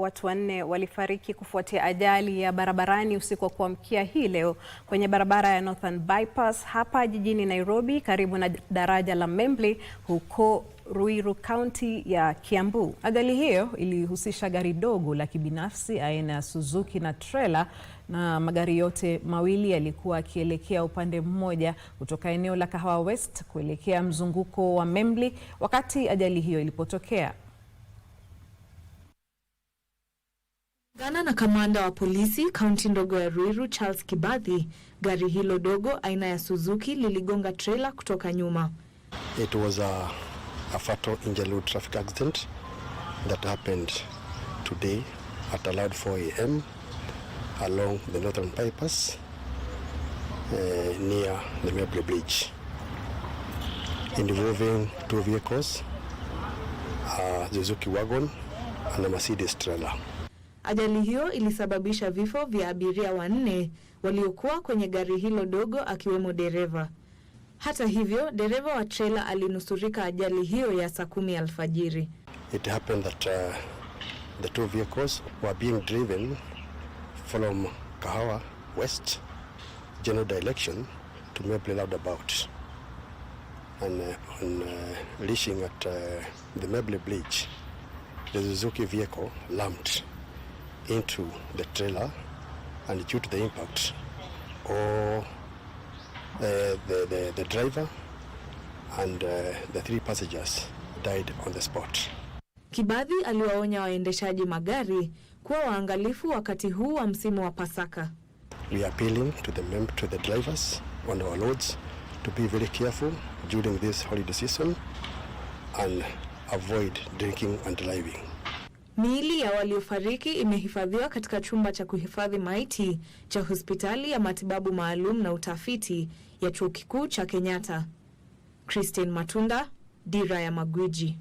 Watu wanne walifariki kufuatia ajali ya barabarani usiku wa kuamkia hii leo kwenye barabara ya Northern Bypass hapa jijini Nairobi karibu na daraja la Membley huko Ruiru kaunti ya Kiambu. Ajali hiyo ilihusisha gari dogo la kibinafsi aina ya Suzuki na trela, na magari yote mawili yalikuwa akielekea upande mmoja kutoka eneo la Kahawa West kuelekea mzunguko wa Membley wakati ajali hiyo ilipotokea. Gana na kamanda wa polisi kaunti ndogo ya Ruiru Charles Kibadhi, gari hilo dogo aina ya Suzuki liligonga trailer kutoka nyuma. It was a, a fatal injury traffic accident that happened today at around 4 am along the northern bypass uh, near the Maple Bridge involving two vehicles, a Suzuki wagon and a Mercedes trailer. Ajali hiyo ilisababisha vifo vya abiria wanne waliokuwa kwenye gari hilo dogo akiwemo dereva. Hata hivyo, dereva wa trela alinusurika ajali hiyo ya saa kumi alfajiri. It happened that uh, the two vehicles were being driven from Kahawa West general direction to Maple Roundabout and uh, on uh, reaching at uh, the Maple Bridge the Suzuki vehicle lumped into the trailer and due to the impact or uh, the, the, the driver and uh, the three passengers died on the spot. Kibadhi aliwaonya waendeshaji magari kuwa waangalifu wakati huu wa msimu wa Pasaka. We are appealing to the mem to the drivers on our roads to be very careful during this holiday season and avoid drinking and driving. Miili ya waliofariki imehifadhiwa katika chumba cha kuhifadhi maiti cha hospitali ya matibabu maalum na utafiti ya Chuo Kikuu cha Kenyatta. Christine Matunda, Dira ya Magwiji.